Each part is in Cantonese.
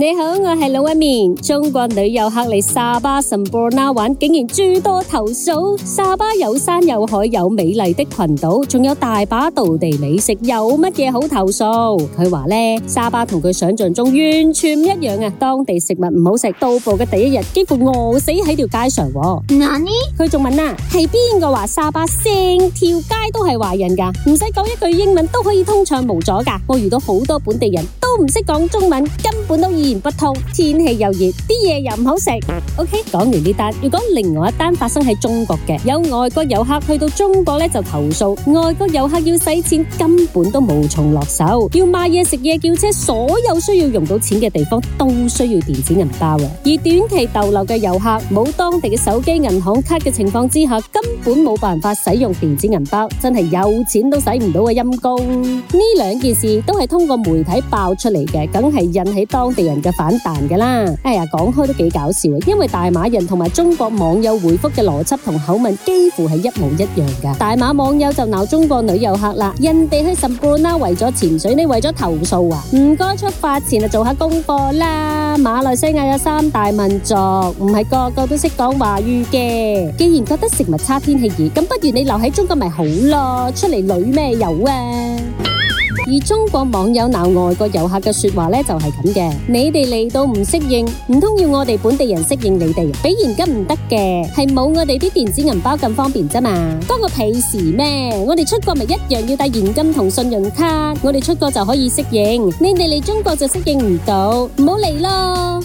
你好，我係龍紋敏。中國旅遊客嚟沙巴仙本那玩，竟然諸多投訴。沙巴有山有海有美麗的群島，仲有大把道地美食，有乜嘢好投訴？佢話呢，沙巴同佢想象中完全唔一樣啊！當地食物唔好食，到埗嘅第一日幾乎餓死喺條街上。阿妮何，佢仲問啊，係邊個話沙巴成條街都係華人噶？唔使講一句英文都可以通暢無阻噶。我遇到好多本地人，都唔識講中文，根本都語言不通。天氣又熱，啲嘢又唔好食。OK，講完呢單，如果另外一單發生喺中國嘅，有外國遊客去到中國咧就投訴，外國遊客要使錢，根本都無從落手，要買嘢食嘢叫車，所有需要用到錢嘅地方都需要電子銀包。而短期逗留嘅遊客冇當地嘅手機銀行卡嘅情況之下，根本冇辦法使用電子銀包，真係有錢都使唔到嘅陰功。呢兩件事都係通過媒體爆出嚟嘅，梗係引起當地人嘅反彈噶啦。哎呀，講開都幾搞笑，因為大馬人同埋中國網友回覆嘅邏輯同口吻幾乎係一模一樣噶。大馬網友就鬧中國女遊客啦，人哋去仙本那啦，為咗潛水，你為咗投訴啊，唔該出發前就做下功課啦。馬來西亞有三大民族，唔係個個都識講華語嘅。既然覺得食物差、天氣熱，咁不如你留喺中國咪好咯，出嚟旅咩遊啊？而中國網友鬧外國遊客嘅說話咧就係咁嘅，你哋嚟到唔適應，唔通要我哋本地人適應你哋？俾現金唔得嘅，係冇我哋啲電子銀包咁方便啫嘛。關我屁事咩？我哋出國咪一樣要帶現金同信用卡，我哋出國就可以適應，你哋嚟中國就適應唔到，唔好嚟咯。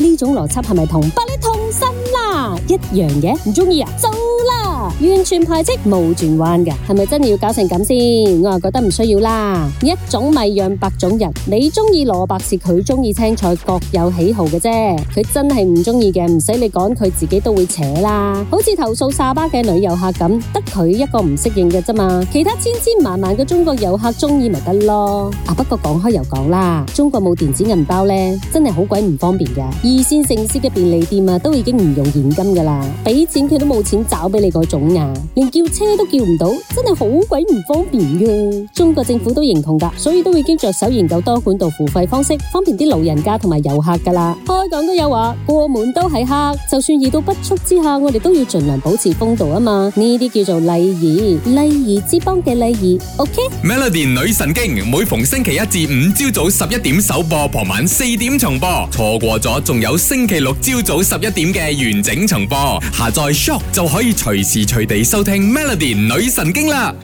呢種邏輯係咪同不你痛心啦一樣嘅？唔中意啊，走啦！完全排斥冇轉彎噶係咪真要搞成咁先？我就覺得唔需要啦。一種米養百種人，你中意蘿蔔，是佢中意青菜，各有喜好嘅啫。佢真係唔中意嘅，唔使你講，佢自己都會扯啦。好似投訴沙巴嘅女遊客咁，得佢一個唔適應嘅啫嘛。其他千千萬萬嘅中國遊客中意咪得咯。啊，不過講開又講啦，中國冇電子銀包咧，真係好鬼唔方便嘅。二線城市嘅便利店啊，都已經唔用現金噶啦，俾錢佢都冇錢找俾你嗰種。啊！連叫車都叫唔到，真係好鬼唔方便噶。中國政府都認同噶，所以都已經着手研究多管道付費方式，方便啲老人家同埋遊客噶啦。開講都有話，過門都係客，就算遇到不速之客，我哋都要盡量保持風度啊嘛。呢啲叫做禮儀，禮儀之邦嘅禮儀。OK，Melody 女神經，每逢星期一至五朝早十一點首播，傍晚四點重播，錯過咗仲有星期六朝早十一點嘅完整重播。下載 shop 就可以隨時，隨地收聽 Melody 女神經啦！